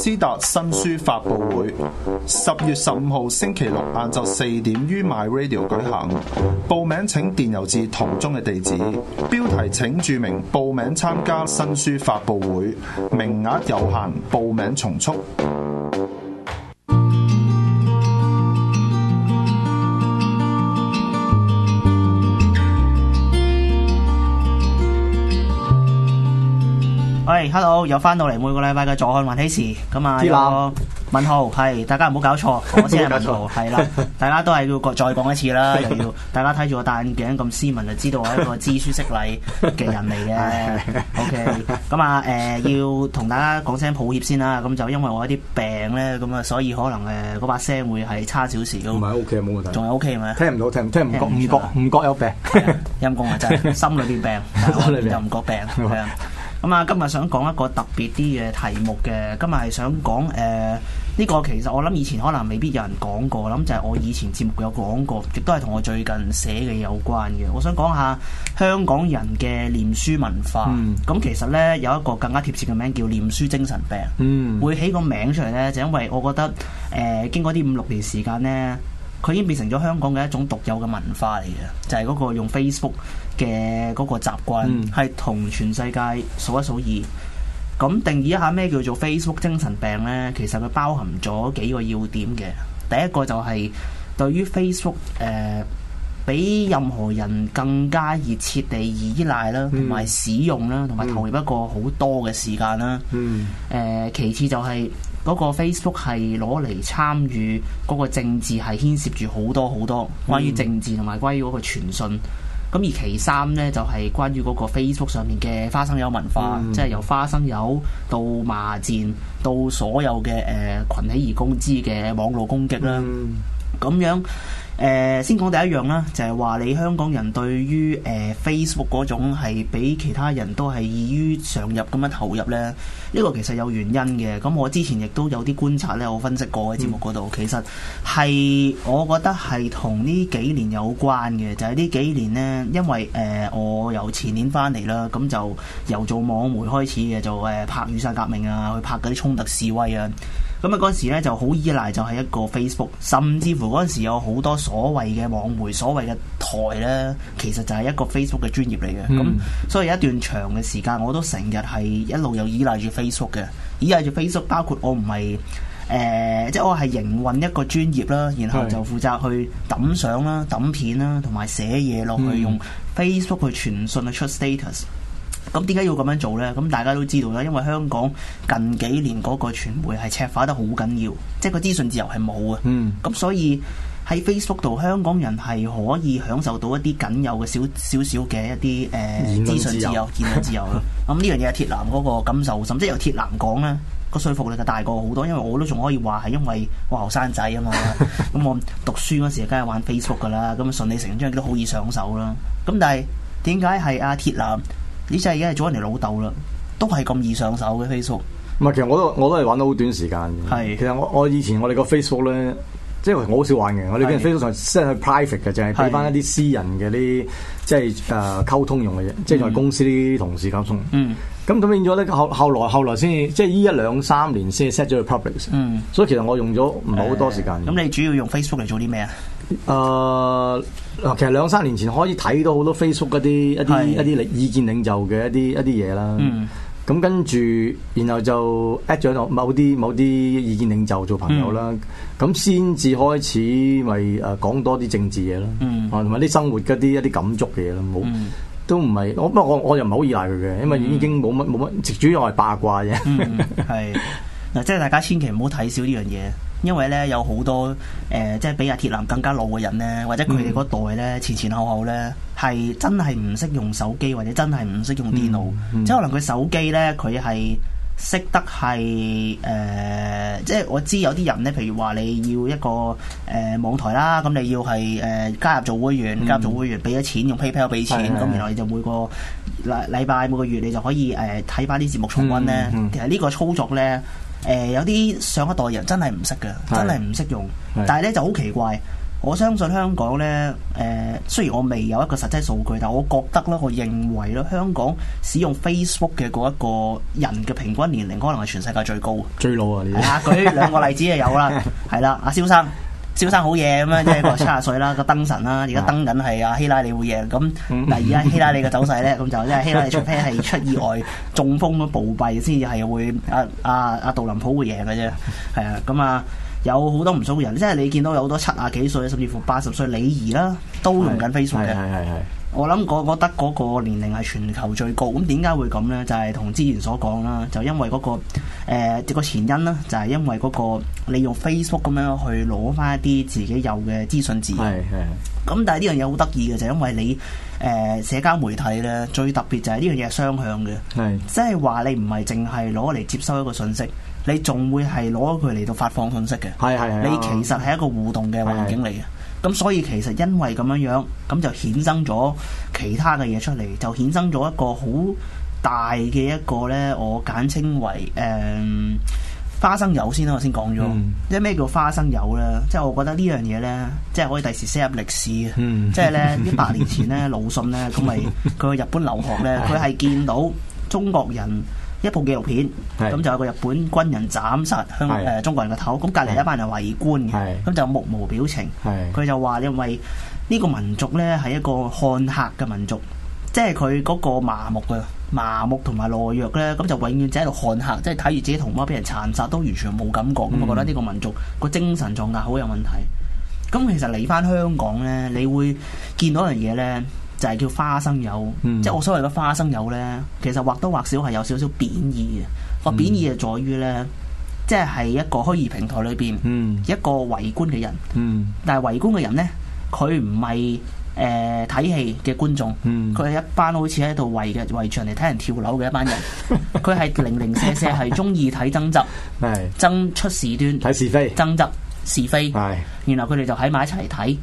斯達新書發布會十月十五號星期六晏晝四點於 MyRadio 舉行，報名請電郵至圖中嘅地址，標題請注明報名參加新書發布會，名額有限，報名從速。Hello，又翻到嚟每個禮拜嘅助漢雲喜事咁啊，文豪，係大家唔好搞錯，我先係文豪，係啦，大家都係要再講一次啦，又要大家睇住我戴眼鏡咁斯文，就知道我係一個知書識禮嘅人嚟嘅。OK，咁啊誒，要同大家講聲抱歉先啦。咁就因為我一啲病咧，咁啊，所以可能誒嗰把聲會係差少少。唔係 OK，冇問題。仲係 OK 係咪？聽唔到，聽唔聽唔覺，唔覺唔覺有病，陰公啊，真係，心裏邊病又唔覺病，係啊。咁啊，今日想講一個特別啲嘅題目嘅，今日係想講誒呢、呃這個其實我諗以前可能未必有人講過啦，我諗就係我以前節目有講過，亦都係同我最近寫嘅有關嘅。我想講下香港人嘅臉書文化，咁、嗯、其實呢，有一個更加貼切嘅名叫臉書精神病，嗯，會起個名出嚟咧，就是、因為我覺得誒、呃、經過啲五六年時間呢，佢已經變成咗香港嘅一種獨有嘅文化嚟嘅，就係、是、嗰個用 Facebook。嘅嗰個習慣係同、mm. 全世界數一數二，咁定義一下咩叫做 Facebook 精神病咧？其實佢包含咗幾個要點嘅。第一個就係對於 Facebook 誒、呃、比任何人更加熱切地依賴啦，同埋使用啦，同埋投入一個好多嘅時間啦。嗯、mm. 呃，誒其次就係嗰個 Facebook 係攞嚟參與嗰個政治很多很多，係牽涉住好多好多關於政治同埋關於嗰個傳訊。咁而其三呢，就係、是、關於嗰個 Facebook 上面嘅花生油文化，嗯、即係由花生油到罵戰，到所有嘅誒、呃、群起而攻之嘅網絡攻擊啦，咁、嗯、樣。誒，先講第一樣啦，就係、是、話你香港人對於誒、呃、Facebook 嗰種係比其他人都係異於常人咁樣投入呢。呢、這個其實有原因嘅。咁我之前亦都有啲觀察呢，我分析過喺節目嗰度，嗯、其實係我覺得係同呢幾年有關嘅。就係、是、呢幾年呢，因為誒、呃、我由前年翻嚟啦，咁就由做網媒開始嘅，就、呃、誒拍雨傘革命啊，去拍嗰啲衝突示威啊。咁啊嗰陣時咧就好依賴就係一個 Facebook，甚至乎嗰陣時有好多所謂嘅網媒、所謂嘅台咧，其實就係一個 Facebook 嘅專頁嚟嘅。咁、嗯、所以一段長嘅時間，我都成日係一路又依賴住 Facebook 嘅，依賴住 Facebook。包括我唔係誒，即係我係營運一個專頁啦，然後就負責去抌相啦、抌片啦，同埋寫嘢落去用 Facebook 去傳訊去出 status。咁點解要咁樣做呢？咁大家都知道啦，因為香港近幾年嗰個傳媒係赤化得好緊要，即係個資訊自由係冇啊。嗯，咁所以喺 Facebook 度，香港人係可以享受到一啲僅有嘅少少少嘅一啲誒資訊自由、言論自由啦。咁呢樣嘢係鐵男嗰個感受，甚至由鐵男講啦，個說服力就大過好多。因為我都仲可以話係因為我後生仔啊嘛，咁 我讀書嗰時梗係玩 Facebook 噶啦，咁順理成章都好易上手啦。咁但係點解係阿鐵男？呢隻而家係咗人哋老豆啦，都係咁易上手嘅 Facebook。唔係，其實我都我都係玩到好短時間嘅。係是，其實我我以前我哋個 Facebook 咧，即係我好少玩嘅。是我哋啲 Facebook 係 set 去 private 嘅，就係俾翻一啲私人嘅啲，即係誒溝通用嘅嘢，是即係同公司啲同事溝通。嗯。咁咁變咗咧，后後來後來先至，即係呢一兩三年先 set 咗去 public。嗯。所以其實我用咗唔係好多時間。咁、嗯呃、你主要用 Facebook 嚟做啲咩啊？誒，嗱，其實兩三年前可以睇到好多 Facebook 一啲一啲一啲意見領袖嘅一啲一啲嘢啦，咁跟住，然後就 at 咗某啲某啲意見領袖做朋友啦，咁先至開始咪誒講多啲政治嘢咯，同埋啲生活啲一啲感觸嘅嘢咯，冇、嗯、都唔係我，我我不過我我又唔係好依賴佢嘅，因為已經冇乜冇乜，最主要係八卦啫、嗯，係。嗱，即係大家千祈唔好睇少呢樣嘢，因為咧有好多誒、呃，即係比阿、啊、鐵男更加老嘅人咧，或者佢哋嗰代咧前前後後咧，係真係唔識用手機，或者真係唔識用電腦、嗯嗯呃。即係可能佢手機咧，佢係識得係誒，即係我知有啲人咧，譬如話你要一個誒、呃、網台啦，咁你要係誒、呃、加入做會員，加入做會員俾咗錢用 PayPal 俾錢，咁然後你就每個禮禮拜每個月你就可以誒睇翻啲節目重温咧、嗯嗯嗯嗯。其實呢個操作咧～、嗯嗯誒、呃，有啲上一代人真係唔識噶，的真係唔識用。的但係咧就好奇怪，我相信香港呢，誒、呃，雖然我未有一個實際數據，但我覺得咧，我認為咧，香港使用 Facebook 嘅嗰一個人嘅平均年齡，可能係全世界最高。最老啊！呢啲係啊，舉兩 個例子就有啦，係啦， 阿蕭生。小生好嘢咁啊，即係個七十歲啦，個燈神啦，而家燈緊係阿希拉里會贏咁。嗱，而家希拉里嘅走勢咧，咁就因為希拉里出 p a 係出意外中風咁暴弊，先至係會啊，啊，阿、啊、杜林普會贏嘅啫。係、嗯、啊，咁啊有好多唔少人，即係你見到有好多七啊幾歲，甚至乎八十歲李儀啦，都用緊 Facebook 嘅。我諗我覺得嗰個年齡係全球最高，咁點解會咁呢？就係、是、同之前所講啦，就因為嗰、那個誒、呃那個前因啦，就係因為嗰、那個你用 Facebook 咁樣去攞返一啲自己有嘅資訊字。源。咁但係呢樣嘢好得意嘅就係因為你誒、呃、社交媒體呢，最特別就係呢樣嘢係雙向嘅，係的即係話你唔係淨係攞嚟接收一個信息，你仲會係攞佢嚟到發放信息嘅。你其實係一個互動嘅環境嚟嘅。咁所以其實因為咁樣樣，咁就衍生咗其他嘅嘢出嚟，就衍生咗一個好大嘅一個呢，我簡稱為誒、嗯、花生油先啦，我先講咗。嗯、即係咩叫花生油呢？即係我覺得呢樣嘢呢，即係可以第時寫入歷史嘅。嗯、即係呢， 一百年前呢，魯迅呢，咁咪佢去日本留學呢，佢係見到中國人。一部紀錄片，咁是就有個日本軍人斬殺香誒是、呃、中國人嘅頭，咁隔離一班人圍觀嘅，咁是就目無表情，佢是就話：因為呢個民族咧係一個看客嘅民族，即係佢嗰個麻木嘅麻木同埋懦弱咧，咁就永遠就喺度看客，即係睇住自己同胞俾人殘殺都完全冇感覺，咁我覺得呢個民族個精神狀態好有問題。咁、嗯、其實嚟翻香港咧，你會見到一樣嘢咧。就係叫花生友，嗯、即係我所謂嘅花生友呢，其實或多或少係有少少貶義嘅，個貶義就在於呢，即、就、係、是、一個虛擬平台裏邊，嗯、一個圍觀嘅人。嗯、但係圍觀嘅人呢，佢唔係誒睇戲嘅觀眾，佢係、嗯、一班好似喺度圍嘅圍牆嚟睇人跳樓嘅一班人。佢係、嗯、零零舍舍係中意睇爭執，係爭出事端睇是非，爭執是非。係，然後佢哋就喺埋一齊睇。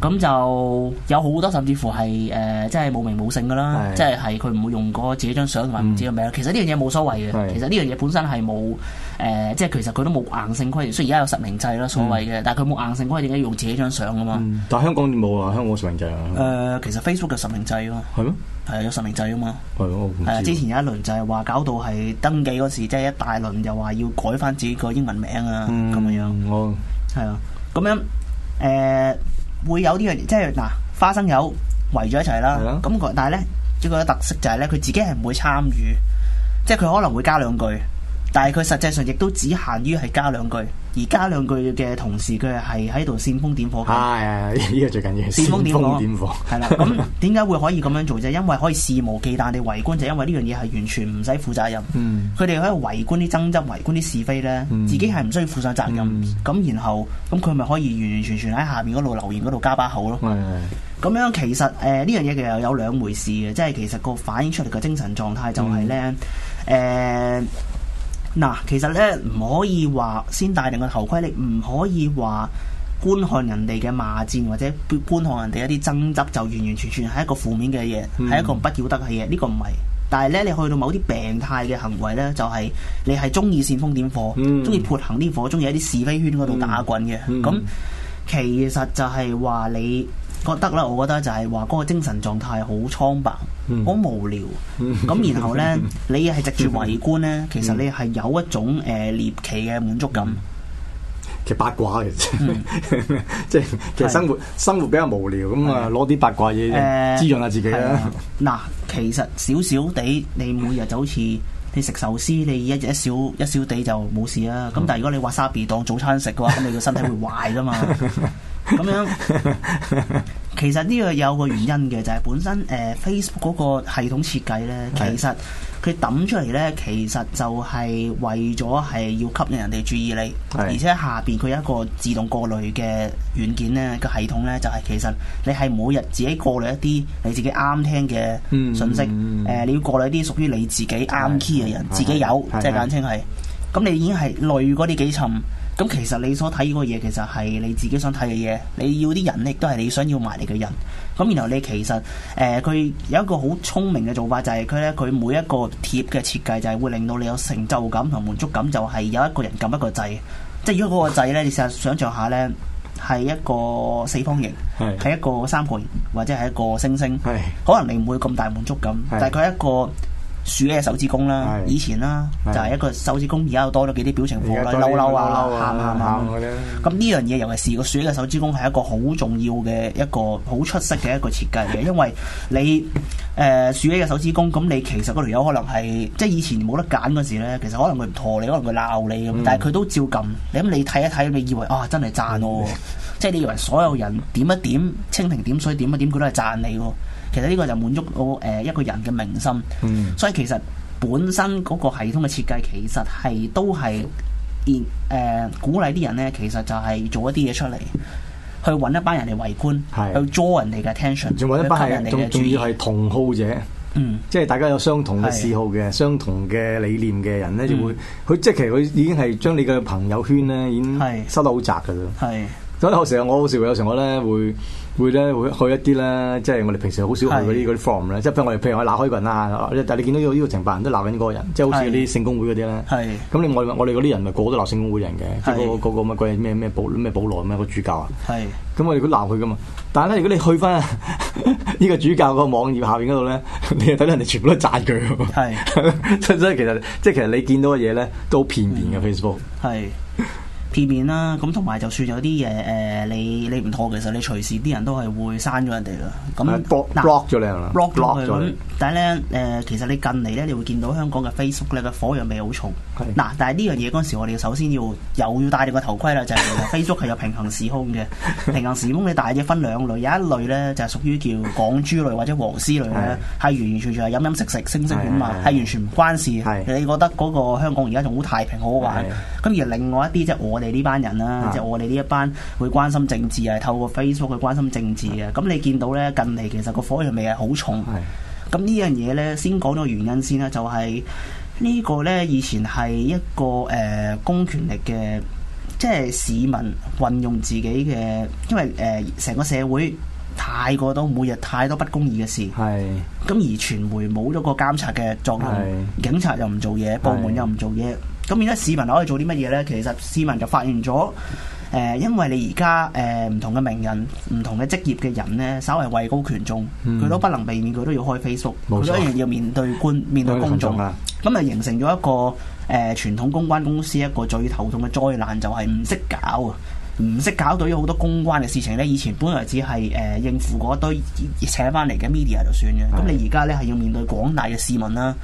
咁就有好多，甚至乎係誒，即係冇名冇姓噶啦。即係係佢唔會用過自己張相同埋唔知個名啦。其實呢樣嘢冇所謂嘅。其實呢樣嘢本身係冇誒，即係其實佢都冇硬性規定。雖然而家有實名制咯，所謂嘅，但係佢冇硬性規定要用自己張相噶嘛。但係香港冇啊，香港有實名制啊。誒，其實 Facebook 嘅實名制啊。係咯，係有實名制啊嘛。係咯。誒，之前有一輪就係話搞到係登記嗰時，即係一大輪，又話要改翻自己個英文名啊，咁樣。我係啊，咁樣誒。會有啲樣，即係嗱花生友圍咗一齊啦。咁個、啊、但係咧，呢、呢個特色就係呢，佢自己係唔會參與，即係佢可能會加兩句。但係佢實際上亦都只限於係加兩句，而加兩句嘅同時，佢係喺度煽風點火。係啊， 呢個最緊要。煽風點火。係啦，咁點解會可以咁樣做啫？因為可以肆無忌憚地圍觀，就係、因為呢樣嘢係完全唔使負責任。佢哋喺度圍觀啲爭執，圍觀啲是非呢，嗯、自己係唔需要負上責任。咁、嗯、然後，咁佢咪可以完完全全喺下面嗰度留言嗰度加把口咯。係咁、嗯嗯、樣其實誒呢樣嘢其實有兩回事嘅，即係其實個反映出嚟嘅精神狀態就係呢。誒、嗯。嗯嗯嗯嗯嗯嗯嗱，其實咧唔可以話先戴定個頭盔，你唔可以話觀看人哋嘅罵戰或者觀看人哋一啲爭執，就完完全全係一個負面嘅嘢，係、嗯、一個不曉得嘅嘢。呢、這個唔係，但係咧你去到某啲病態嘅行為咧，就係、是、你係中意煽風點火，中意潑行啲火，中意喺啲是非圈嗰度打滾嘅。咁、嗯嗯、其實就係話你。覺得啦，我覺得就係話嗰個精神狀態好蒼白，好無聊。咁然後咧，你係藉住圍觀咧，其實你係有一種誒獵、呃、奇嘅滿足感。其實八卦嘅即係其實生活是生活比較無聊，咁、嗯、啊攞啲八卦嘢滋潤下自己嗱，其實少少地，你每日就好似你食壽司，你一小一小一小地就冇事啊。咁、嗯、但係如果你哇沙比當早餐食嘅話，咁你個身體會壞噶嘛。 咁樣，其實呢個有個原因嘅，就係、是、本身誒、呃、Facebook 嗰個系統設計呢，是其實佢抌出嚟呢，其實就係為咗係要吸引人哋注意你。是而且下邊佢有一個自動過濾嘅軟件呢，個系統呢，就係、是、其實你係每日自己過濾一啲你自己啱聽嘅信息，誒、嗯呃、你要過濾一啲屬於你自己啱 key 嘅人，嗯、自己有即係是簡稱係，咁的你已經係濾嗰啲幾層。咁其實你所睇依個嘢，其實係你自己想睇嘅嘢。你要啲人咧，亦都係你想要埋嚟嘅人。咁然後你其實誒，佢、呃、有一個好聰明嘅做法，就係、是、佢呢，佢每一個貼嘅設計就係會令到你有成就感同滿足感，就係、是、有一個人撳一個掣。即係如果嗰個掣呢，你實想像下呢，係一個四方形，係是一個三角形，或者係一個星星，是可能你唔會咁大滿足感，是但係佢係一個。鼠嘅手指公啦，以前啦就係一個手指公，而家又多咗幾啲表情，滑溜嬲啊，喊喊喊。咁呢樣嘢，尤其是，是個鼠嘅、呃、手指公，係一個好重要嘅一個好出色嘅一個設計嘅，因為你誒鼠嘅手指公，咁你其實個女友可能係即係以前冇得揀嗰時咧，其實可能佢唔妥，你，可能佢鬧你咁，嗯、但係佢都照撳。你咁你睇一睇，你以為啊，真係讚喎。嗯即係你以為所有人點一點蜻蜓點水點一點佢都係讚你嘅，其實呢個就滿足到誒一個人嘅名心。嗯。所以其實本身嗰個系統嘅設計其實係都係，誒鼓勵啲人咧，其實就係做一啲嘢出嚟，去搵一班人嚟圍觀，去 draw 人哋嘅 attention，仲搵一班人仲仲要係同好者。嗯。即係大家有相同嘅嗜好嘅，相同嘅理念嘅人咧，就會佢即係其實佢已經係將你嘅朋友圈咧，已經收得好窄噶啦。係。所以我成日我好少，有時候咧會會咧會去一啲咧，即係我哋平時好少去嗰啲啲 form 咧，即係譬如我哋譬如我鬧開個人啦，但係你見到呢個呢個成班人都鬧緊嗰個人，即係好似啲聖公會嗰啲咧。係。咁你我我哋嗰啲人咪個個都鬧聖公會人嘅，即係個個乜鬼咩咩保咩保羅咩個主教啊。係。咁我哋都鬧佢噶嘛，但係咧如果你去翻呢個主教個網頁下邊嗰度咧，你又睇到人哋全部都讚佢喎。即真真係其實即係其實你見到嘅嘢咧都好片面嘅 Facebook。係。片面啦，咁同埋就算有啲嘢，誒你你唔妥其實你隨時啲人都係會刪咗人哋啦。咁 lock 咗你係啦，lock 咗佢但係咧，誒其實你近嚟咧，你會見到香港嘅 Facebook 咧個火藥味好重。嗱，但係呢樣嘢嗰陣時，我哋首先要又要戴住個頭盔啦，就係 Facebook 係有平行時空嘅。平行時空你大致分兩類，有一類咧就係屬於叫港豬類或者黃絲類咧，係完完全全係飲飲食食、聲色犬馬，係完全唔關事。你覺得嗰個香港而家仲好太平、好好玩？咁而另外一啲即係我。我哋呢班人啦，啊、即係我哋呢一班會關心政治啊，透過 Facebook 去關心政治嘅。咁、啊、你見到咧近嚟，其實個火藥味係好重。咁是呢樣嘢咧，先講到原因先啦，就係、是、呢個咧以前係一個誒、呃、公權力嘅，即係市民運用自己嘅，因為誒成、呃、個社會太過多每日太多不公義嘅事。係咁是而傳媒冇咗個監察嘅作用，是警察又唔做嘢，部門又唔做嘢。是咁而家市民可以做啲乜嘢呢？其實市民就發現咗，誒、呃，因為你而家誒唔同嘅名人、唔同嘅職業嘅人呢，稍為位高權重，佢、嗯、都不能避免，佢都要開 Facebook，所以錯要面對官面對公眾。咁啊，就形成咗一個誒、呃、傳統公關公司一個最頭痛嘅災難，就係唔識搞啊，唔識搞到有好多公關嘅事情呢，以前本來只係誒、呃、應付嗰堆請翻嚟嘅 media 就算嘅，咁的你而家呢，係要面對廣大嘅市民啦。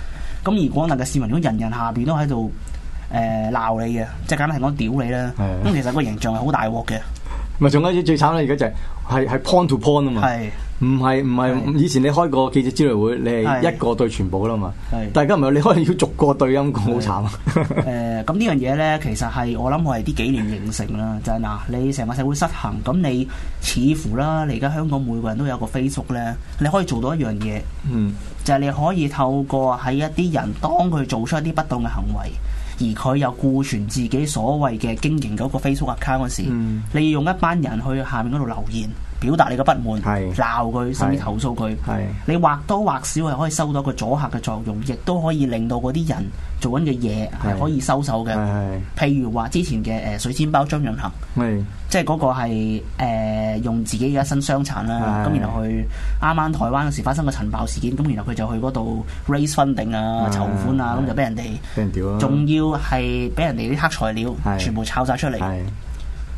咁而廣大嘅市民如果人人，人人下邊都喺度。誒，鬧、呃、你嘅，即係簡單係講屌你啦。咁的其實個形象係好大鑊嘅。咪仲有一啲最慘咧、就是，而家就係係係 point to point 啊嘛。係的，唔係唔係以前你開個記者招待會，你係一個對全部啦嘛。係的，但係而家唔係，你可能要逐個對音，好慘啊。誒、 呃，咁呢樣嘢咧，其實係我諗我係呢幾年形成啦。就係、是、嗱，你成個社會失衡，咁你似乎啦，你而家香港每個人都有個 Facebook 咧，你可以做到一樣嘢，嗯，就係你可以透過喺一啲人當佢做出一啲不當嘅行為。而佢又顧存自己所謂嘅經營個 Facebook account 時，利、嗯、用一班人去下面度留言。表達你嘅不滿，鬧佢，甚至投訴佢，你或多或少係可以收到個阻嚇嘅作用，亦都可以令到嗰啲人做緊嘅嘢係可以收手嘅。譬如話之前嘅誒水煎包張潤衡，即係嗰個係誒用自己嘅一身傷殘啦，咁然後去啱啱台灣嗰時發生個塵爆事件，咁然後佢就去嗰度 raise funding 啊，籌款啊，咁就俾人哋，仲要係俾人哋啲黑材料全部抄晒出嚟，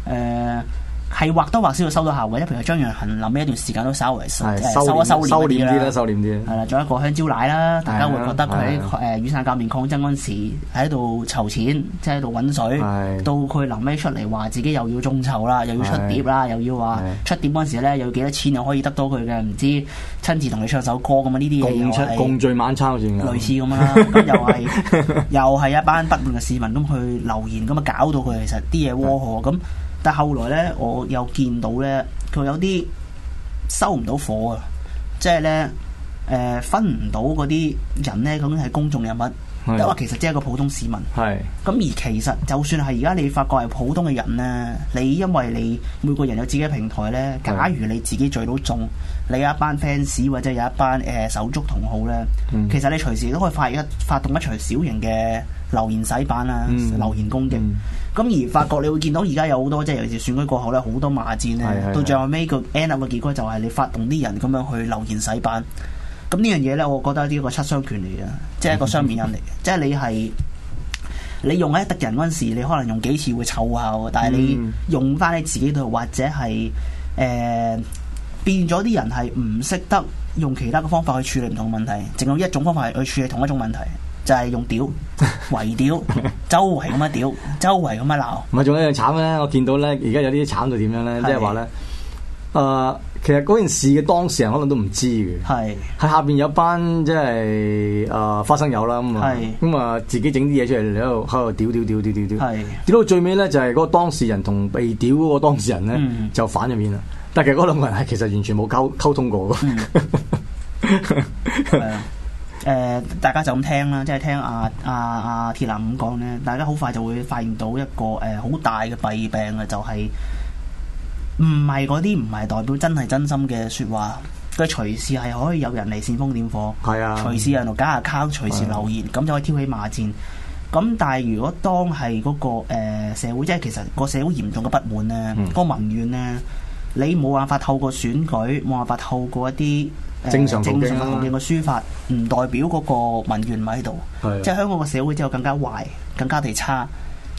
誒。係或多或少要收到效果。一譬如張揚恆臨尾一段時間都稍微收一收斂啲啦，收斂啲啦，收斂啲。係啦，仲有一個香蕉奶啦，的大家會覺得佢誒雨傘革命抗爭嗰陣時喺度籌錢，即係喺度搵水，的到佢臨尾出嚟話自己又要眾籌啦，又要出碟啦的，又要話出碟嗰陣時咧又要幾多錢又可以得到佢嘅？唔知親自同你唱首歌咁啊？呢啲嘢出係共聚晚餐好似類似咁啦， 又係又係一班不滿嘅市民咁去留言，咁啊搞到佢其實啲嘢窩火咁。但後來呢，我又見到呢，佢有啲收唔到貨啊，即係呢，呃，分唔到嗰啲人呢，咧，究竟係公眾人物。即係話其實只係個普通市民，咁的而其實就算係而家你發覺係普通嘅人咧，你因為你每個人有自己嘅平台咧，假如你自己聚到眾，你有一班 fans 或者有一班誒、呃、手足同好咧，其實你隨時都可以發一發動一場小型嘅留言洗版啊、嗯、留言攻擊。咁、嗯嗯、而發覺你會見到而家有好多即係尤其是選舉過後咧，好多罵戰咧，的到最後尾個 end up 嘅結果就係你發動啲人咁樣去留言洗版。咁呢樣嘢呢，我覺得呢個七傷拳嚟嘅，即係一個雙面人嚟嘅，即係你係你用喺敵人嗰陣時，你可能用幾次會湊下，但係你用翻你自己度，或者係誒、呃、變咗啲人係唔識得用其他嘅方法去處理唔同問題，淨係用一種方法去處理同一種問題，就係、是、用屌圍屌，周圍咁樣屌，周圍咁樣鬧。唔係，仲有一樣慘呢？我見到呢，而家有啲慘到點樣呢？即係話呢。誒、呃。其實嗰件事嘅當事人可能都唔知嘅，係喺是下邊有一班即係誒花生友啦，咁啊是，咁啊自己整啲嘢出嚟喺度喺度屌屌屌屌屌屌，屌是到最尾咧就係、是、個當事人同被屌嗰個當事人咧、嗯、就反一面啦。但係其實嗰兩個人係其實完全冇溝溝通過嘅、 嗯。誒、呃，大家就咁聽啦，即、就、係、是、聽阿阿阿鐵男咁講咧，大家好快就會發現到一個誒好大嘅弊病嘅，就係、是。唔係嗰啲唔係代表真係真心嘅説話，佢隨時係可以有人嚟煽風點火。係啊，隨時有人度假下卡，隨時留言，咁、啊、就可以挑起罵戰。咁但係如果當係嗰、嗰個、呃、社會，即係其實個社會嚴重嘅不滿咧，嗯、個民怨咧，你冇辦法透過選舉，冇辦法透過一啲、呃、正常、啊、正常嘅抒發，唔代表嗰個民怨唔喺度。即係、啊、香港個社會之後更加壞，更加地差。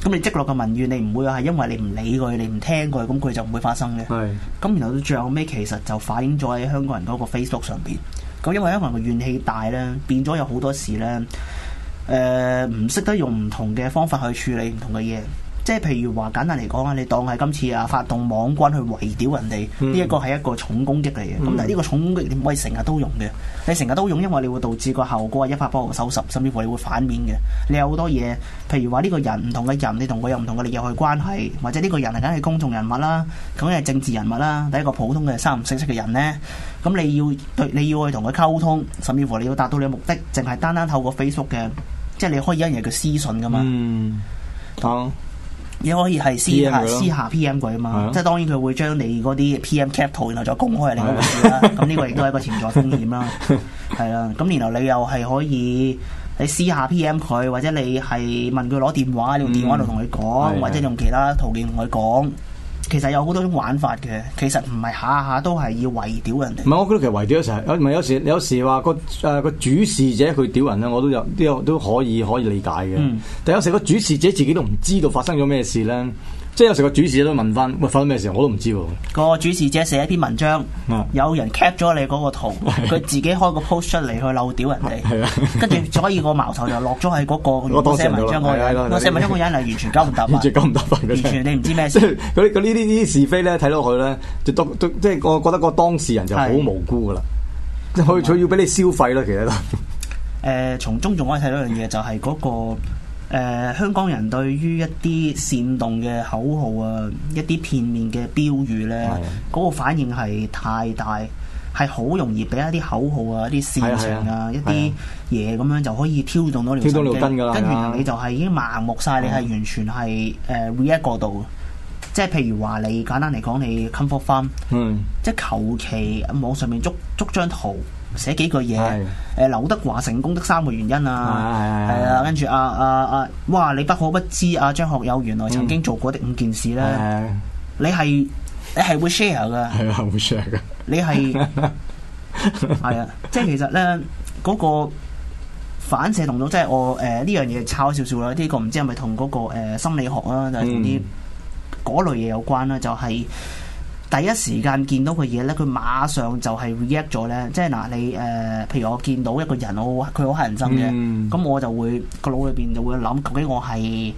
咁你積落個民怨，你唔會話係因為你唔理佢，你唔聽佢，咁佢就唔會發生嘅。咁是然後到最後尾，其實就反映咗喺香港人嗰個 Facebook 上邊。咁因為香港人個怨氣大咧，變咗有好多時咧，誒、呃，唔識得用唔同嘅方法去處理唔同嘅嘢。即係譬如話簡單嚟講啊，你當係今次啊發動網軍去圍剿人哋，呢一個係一個重攻擊嚟嘅。咁、嗯、但係呢個重攻擊你唔可以成日都用嘅。你成日都用，因為你會導致個後果係一發不可收拾，甚至乎你會反面嘅。你有好多嘢，譬如話呢個人唔同嘅人，你同佢有唔同嘅利益關係，或者呢個人係梗係公眾人物啦，咁嘅政治人物啦，第一個普通嘅三唔識色嘅人咧，咁你要對，你要去同佢溝通，甚至乎你要達到你嘅目的，淨係單單透過 Facebook 嘅，即係你可以一樣嘢叫私信噶嘛。嗯嗯嗯亦可以係私下、呃、私下 PM 佢、呃、嘛，啊、即係當然佢會將你嗰啲 PM cap 圖，然後再公開係另一回事啦、啊。咁呢 個亦都係一個潛在風險啦、啊，係啦。 咁然後你又係可以你私下 PM 佢，或者你係問佢攞電話，你用電話度同佢講，嗯、或者用其他途徑同佢講。其實有好多種玩法嘅，其實唔係下下都係要圍屌人哋。唔係，我覺得其實圍屌一齊，唔係有時有時話個誒、啊、個主事者去屌人咧，我都有都有都可以可以理解嘅。嗯、但有時個主事者自己，自己都唔知道發生咗咩事咧。即係有時個主持都問翻，喂，發生咩事我都唔知、啊。個主持者寫一篇文章，嗯、有人 cap 咗你嗰個圖，佢 自己開個 post 出嚟去漏屌人哋，跟住 所以個矛頭就落咗喺嗰個。嗰個寫文章 個，我寫文章個人係完全搞唔得。 完全搞唔得，完全你唔知咩事。即嗰啲嗰啲是非咧，睇落去咧，就當即係我覺得個當事人就好無辜噶啦。去佢的 要俾你消費咯，其實都。誒，從中仲可以睇到樣嘢，就係嗰、那個。 誒、呃、香港人對於一啲煽動嘅口號啊，一啲片面嘅標語咧，嗰、啊、個反應係太大，係好容易俾一啲口號啊、一啲煽情啊、啊啊一啲嘢咁樣就可以挑動到你心機，挑到跟住你就係已經盲目晒，啊、你係完全係誒、uh, react 過度即係譬如話你簡單嚟講，你 comfort fun，即係求其網上面捉捉，捉張圖。寫幾句嘢，誒劉的德華成功的三個原因啊，係啊，跟住啊，啊，啊，哇！你不可不知啊，張學友原來曾經做過的五件事咧的，你係你係會 share 噶，係啊，會 share 噶是，你係係啊，即係其實咧嗰、那個反射動作，即係我誒呢、呃、樣嘢抄少少啦，呢、這個唔知係咪同嗰個、呃、心理學啊，就係同啲嗰類嘢有關啦，就係、是。第一時間見到個嘢咧，佢馬上就係 react 咗咧。即係嗱，你、呃、誒，譬如我見到一個人，我佢好乞人憎嘅，咁、嗯、我就會個腦裏邊就會諗，究竟我係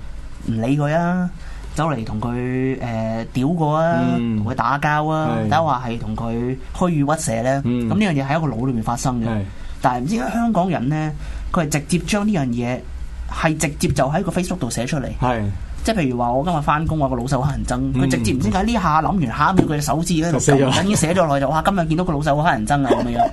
唔理佢啊，走嚟同佢誒屌過啊，同佢、嗯、打交啊，唔得話係同佢虛與委蛇咧。咁呢、嗯、樣嘢喺一個腦裏面發生嘅，的但係唔知香港人咧，佢係直接將呢樣嘢係直接就喺個 Facebook 度寫出嚟。的即係譬如話我今日翻工，我、個老細好乞人憎，佢、嗯、直接唔知點解呢，下諗完下一秒佢嘅手指咧了就已經寫咗落嚟就話今日見到個老細好乞人憎啊，咁樣。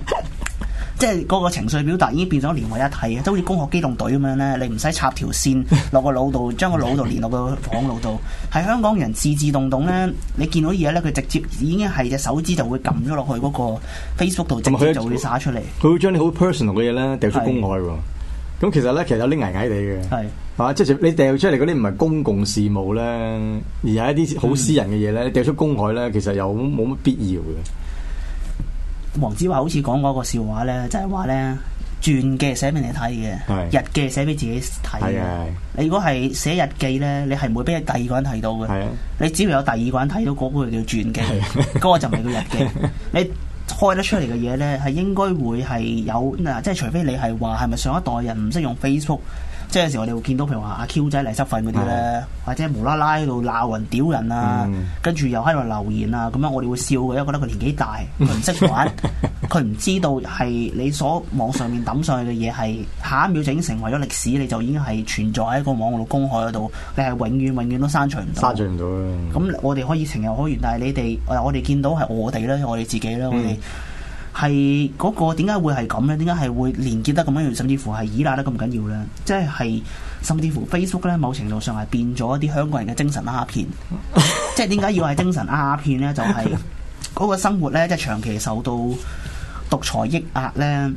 即係嗰個情緒表達已經變咗連為一體嘅，都好似《攻殼機動隊》咁樣咧，你唔使插條線落個腦度，將個腦度連落個房腦度，係 香港人自自動動咧，你見到嘢咧佢直接已經係隻手指就會撳咗落去嗰個 Facebook 度，直接就會晒出嚟。佢會將你好 personal 嘅嘢咧掉出公外喎。咁的其實咧，其實有拎危危地嘅。啊！即係你掉出嚟嗰啲唔係公共事務咧，而係一啲好私人嘅嘢咧，掉出公海咧，其實又冇乜必要嘅。黃子華好似講過一個笑話咧，就係話咧，傳記寫俾你睇嘅，是日記寫俾自己睇嘅。是是你如果係寫日記咧，你係唔會俾第二個人睇到嘅。的你只要有第二個人睇到嗰個，就叫傳記，嗰的個就唔係叫日記。的 你開得出嚟嘅嘢咧，係應該會係有，即係除非你係話係咪上一代人唔識用 Facebook。即係有時我哋會見到譬如話阿 Q 仔嚟執糞嗰啲咧，嗯、或者無啦啦喺度鬧人、屌人啊，嗯、跟住又喺度留言啊，咁樣我哋會笑嘅，因為覺得佢年紀大，佢唔識玩，佢唔 知道係你所網上面抌上去嘅嘢係下一秒就已經成為咗歷史，你就已經係存在喺個網度公開嗰度，你係永遠永遠都刪除唔到。刪除唔到啦。咁、嗯、我哋可以情有可原，但係你哋我哋見到係我哋咧，我哋自己啦，我哋、嗯。係嗰個點解會係咁咧？點解係會連結得咁樣，甚至乎係依賴得咁緊要咧？即係甚至乎 Facebook 咧，某程度上係變咗一啲香港人嘅精神鴉片。即係點解要係精神鴉片咧？就係嗰個生活咧，即係長期受到獨裁抑壓迫咧。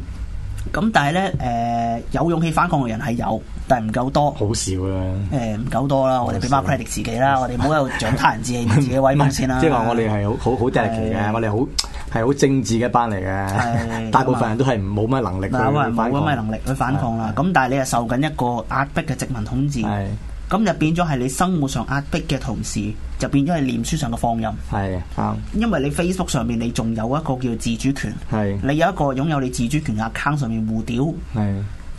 咁但係咧，誒有勇氣反抗嘅人係有，但係唔夠多。好少啦。誒唔夠多啦，我哋俾翻 credit 自己啦，我哋唔好喺度長他人志氣，自己威猛先啦。即係話我哋係好好好嘅，我哋好。係好政治嘅班嚟嘅，的大部分人都係冇乜能力去反抗，冇乜的能力去反抗啦。咁的但係你係受緊一個壓迫嘅殖民統治，咁的就變咗係你生活上壓迫嘅同時，就變咗係臉書上嘅放任。係的，因為你 Facebook 上面你仲有一個叫自主權，的你有一個擁有你自主權嘅 account 上面互屌。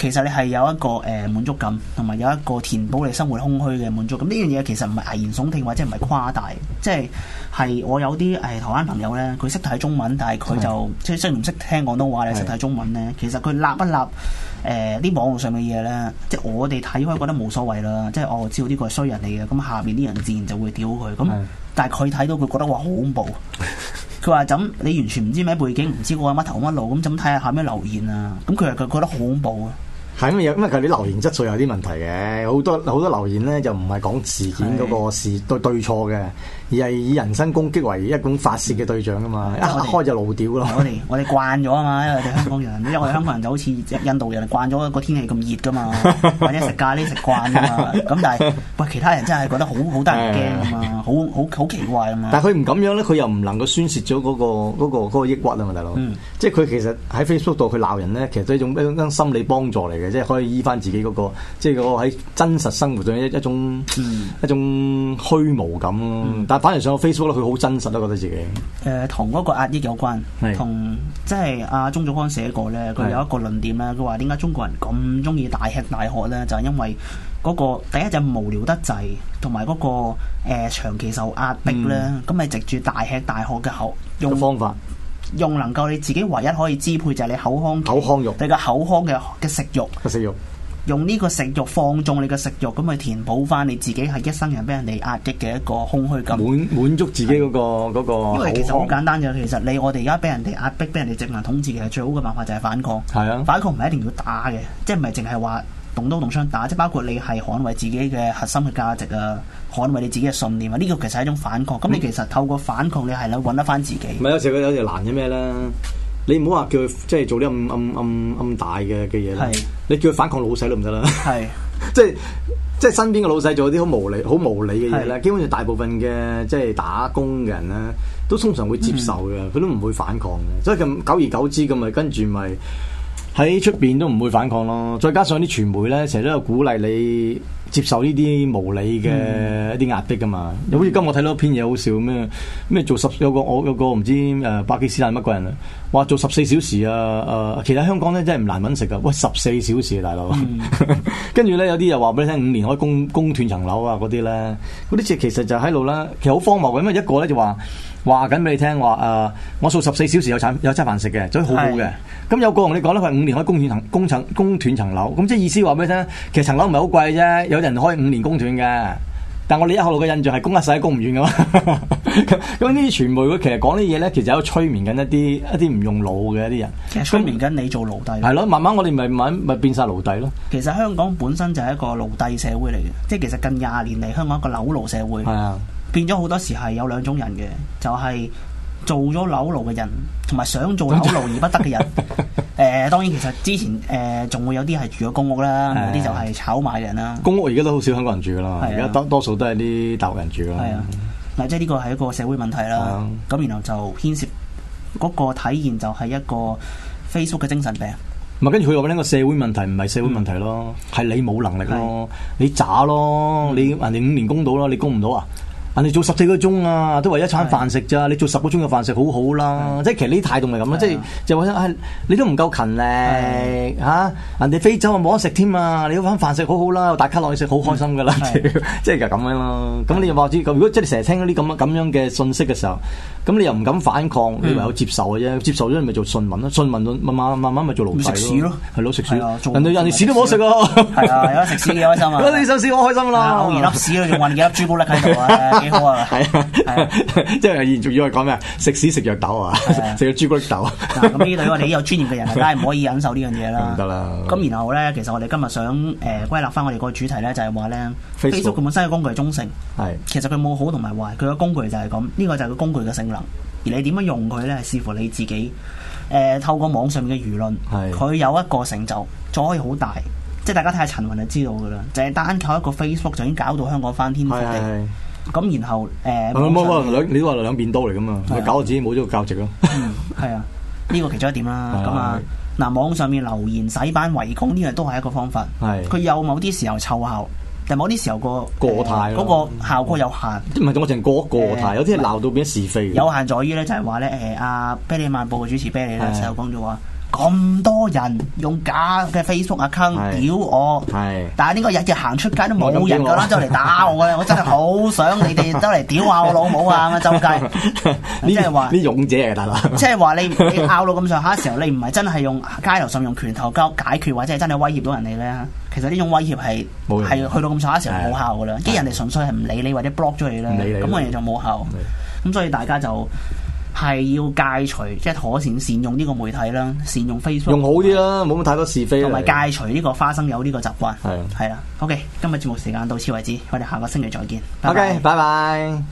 其實你係有一個誒、呃、滿足感，同埋有一個填補你生活空虛嘅滿足感。咁、嗯、呢樣嘢其實唔係危言聳聽，或者唔係誇大。即係係我有啲誒、呃、台灣朋友呢，佢識睇中文，但係佢就即係的雖然唔識聽廣東話你識睇中文呢，的其實佢立不立誒啲、呃、網絡上嘅嘢呢，即係我哋睇開覺得冇所謂啦。即係我、哦、知道呢個係衰人嚟嘅，咁、嗯、下面啲人自然就會屌佢。咁、嗯、的但係佢睇到佢覺得話好恐怖。佢話咁？你完全唔知咩背景，唔知個乜頭乜路，咁咁睇下下面留言啊？咁佢佢覺得好恐怖啊！係咩嘢？因為佢啲留言質素有啲問題嘅，好多好多留言咧就唔係講事件嗰個事的對對錯嘅。而係以人身攻擊為一種發泄嘅對象噶嘛，啊、開一開就老屌咯。我哋我哋慣咗啊嘛，因為我哋香港人，因為我哋香港人就好似印度人慣咗個天氣咁熱噶嘛， 或者食咖喱食慣啊嘛。咁但係喂、呃，其他人真係覺得好好得人驚啊嘛，是的 好好好，好奇怪啊嘛。但係佢唔咁樣咧，佢又唔能夠宣泄咗嗰個嗰抑鬱啊嘛，大佬。嗯、即係佢其實喺 Facebook 度佢鬧人咧，其實都係一種心理幫助嚟嘅，即係可以醫翻自己嗰、嗰個，即係、嗰、嗰個喺真實生活中一一種一種虛無感。嗯。反而上個 Facebook 佢好真實咯，都覺得自己、呃。誒，同嗰個壓抑有關，同是即係阿鍾祖康寫過呢，佢有一個論點咧，佢話點解中國人咁中意大吃大喝呢？就係、是、因為嗰、那個第一就無聊得滯，同埋嗰個誒、呃、長期受壓迫呢，咁咪藉住大吃大喝嘅口用方法，用能夠你自己唯一可以支配就係你口腔口腔肉，你嘅口腔嘅嘅食慾嘅食肉。用呢個食慾放縱你嘅食慾，咁去填補翻你自己係一生人俾人哋壓迫嘅一個空虛感。滿滿足自己嗰、嗰個，的個因為其實好簡單嘅，其實你我哋而家俾人哋壓迫、俾人哋殖民統治，其實最好嘅辦法就係反抗。係啊的。反抗唔係一定要打嘅，即係唔係淨係話動刀動槍打，即係包括你係捍衛自己嘅核心嘅價值啊，捍衛你自己嘅信念啊。呢、呢個其實係一種反抗。咁、嗯、你其實透過反抗，你係能揾得翻自己。唔係、嗯、有時佢有時難啲咩啦？你唔好話叫佢即係做啲咁咁咁咁大嘅嘅嘢啦，是你叫佢反抗老細都唔得啦，是 即係即係身邊嘅老細做啲好無理好無理嘅嘢咧，是基本上大部分嘅即係打工嘅人咧，都通常會接受嘅，佢、嗯、都唔會反抗嘅，所以咁久而久之咁咪跟住咪喺出邊都唔會反抗咯，再加上啲傳媒咧成日都有鼓勵你。接受呢啲無理嘅一啲壓迫噶嘛，又、嗯、好似今我睇到一篇嘢好笑咩？咩做十有個我有個唔知誒、呃、巴基斯坦乜鬼人啊，話做十四小時啊誒、呃，其實香港咧真係唔難揾食噶，喂十四小時大佬，跟住咧有啲又話俾你聽五年可以供供斷層樓啊嗰啲咧，嗰啲即其實就喺度啦，其實好荒謬嘅，因為一個咧就話。話緊俾你聽話誒，我數十四小時，有餐有餐飯食嘅，所以好好嘅。咁是的 有個同你講咧，佢話五年可以供完層、供層、供斷層樓。咁即係意思話俾你聽，其實層樓唔係好貴啫。有人開五年供斷嘅，但我哋一號路嘅印象係供一世都供唔完㗎嘛。咁呢啲傳媒，佢其實講啲嘢咧，其實有催眠緊一啲一啲唔用腦嘅一啲人，催眠緊你做奴隸。係咯，慢慢我哋咪咪變晒奴隸咯。其實香港本身就係一個奴隸社會嚟嘅，即係其實近廿年嚟香港一個扭勞社會。係啊。變咗好多時係有兩種人嘅，就係做咗樓奴嘅人，同埋想做樓奴而不得嘅人。誒，當然其實之前誒仲會有啲係住咗公屋啦，有啲就係炒賣嘅人啦。公屋而家都好少香港人住噶啦，而家多多數都係啲大陸人住噶。係啊，嗱，即係呢個係一個社會問題啦。咁然後就牽涉嗰個體現就係一個 Facebook 嘅精神病。唔係，跟住佢話呢個社會問題唔係社會問題咯，係你冇能力咯，你渣咯，你人哋五年供到啦，你供唔到啊？人哋做十四個鐘啊，都為一餐飯食咋？你做十個鐘嘅飯食好好啦，即係其實呢啲態度咪咁啦，即係就話你都唔夠勤力吓，人哋非洲冇得食添啊，你一餐飯食好好啦，大家落去食好開心噶啦，即係就咁樣咯。咁你又話知？如果即係成日聽啲咁樣咁樣嘅信息嘅時候，咁你又唔敢反抗，你唯有接受嘅啫，接受咗你咪做順民咯，順民咁慢慢慢慢咪做奴隸咯。食屎咯，係咯，食屎，人哋人哋屎都冇得食咯。係啊，食屎幾開心啊！嗰啲屎屎好開心啦，偶然甩屎啊，仲揾幾粒朱古力甩喺度啊！幾好啊！係啊，即係延續以往講咩啊？食屎食藥豆啊！食咗朱古力豆。咁呢啲我哋啲有專業嘅人梗係唔可以忍受呢樣嘢啦，唔得啦！咁然後咧，其實我哋今日想誒歸納翻我哋個主題咧，就係話咧，Facebook 佢本身嘅工具係中性，係其實佢冇好同埋壞，佢個工具就係咁，呢個就係個工具嘅性能，而你點樣用佢咧，係視乎你自己。誒，透過網上面嘅輿論，佢有一個成就，仲可以好大，即係大家睇下陳雲就知道噶啦，就係單靠一個 Facebook 就已經搞到香港翻天咁然後誒，兩你都話兩邊刀嚟噶嘛？搞到自己冇咗個價值咯。係啊，呢個其中一點啦。咁啊，嗱，網上面留言、洗版、圍攻呢樣都係一個方法。係，佢有某啲時候湊效，但某啲時候個個態，嗰個效果有限。唔係，我淨係個個態，有啲人鬧到變咗是非。有限在於咧，就係話咧，誒，阿貝利曼布嘅主持，貝利咧，就講咗話。咁多人用假嘅 Facebook account 屌我，但係呢個日日行出街都冇人㗎啦，就嚟打我嘅。我真係好想你哋都嚟屌下我老母啊！周街，即係話啲勇者嚟嘅大佬，即係話你你拗到咁上下嘅時候，你唔係真係用街頭上用拳頭交解決，或者係真係威脅到人哋咧？其實呢種威脅係係去到咁上下嘅時候冇效嘅啦，啲人哋純粹係唔理你或者 block 咗你啦，咁我哋就冇效，咁所以大家就。係要戒除，即係妥善善用呢個媒體啦，善用 Facebook。用好啲啦，冇咁太多是非。同埋戒除呢個花生友呢個習慣。係啊，係啦。OK，今日節目時間到此為止，我哋下個星期再見。OK，拜拜。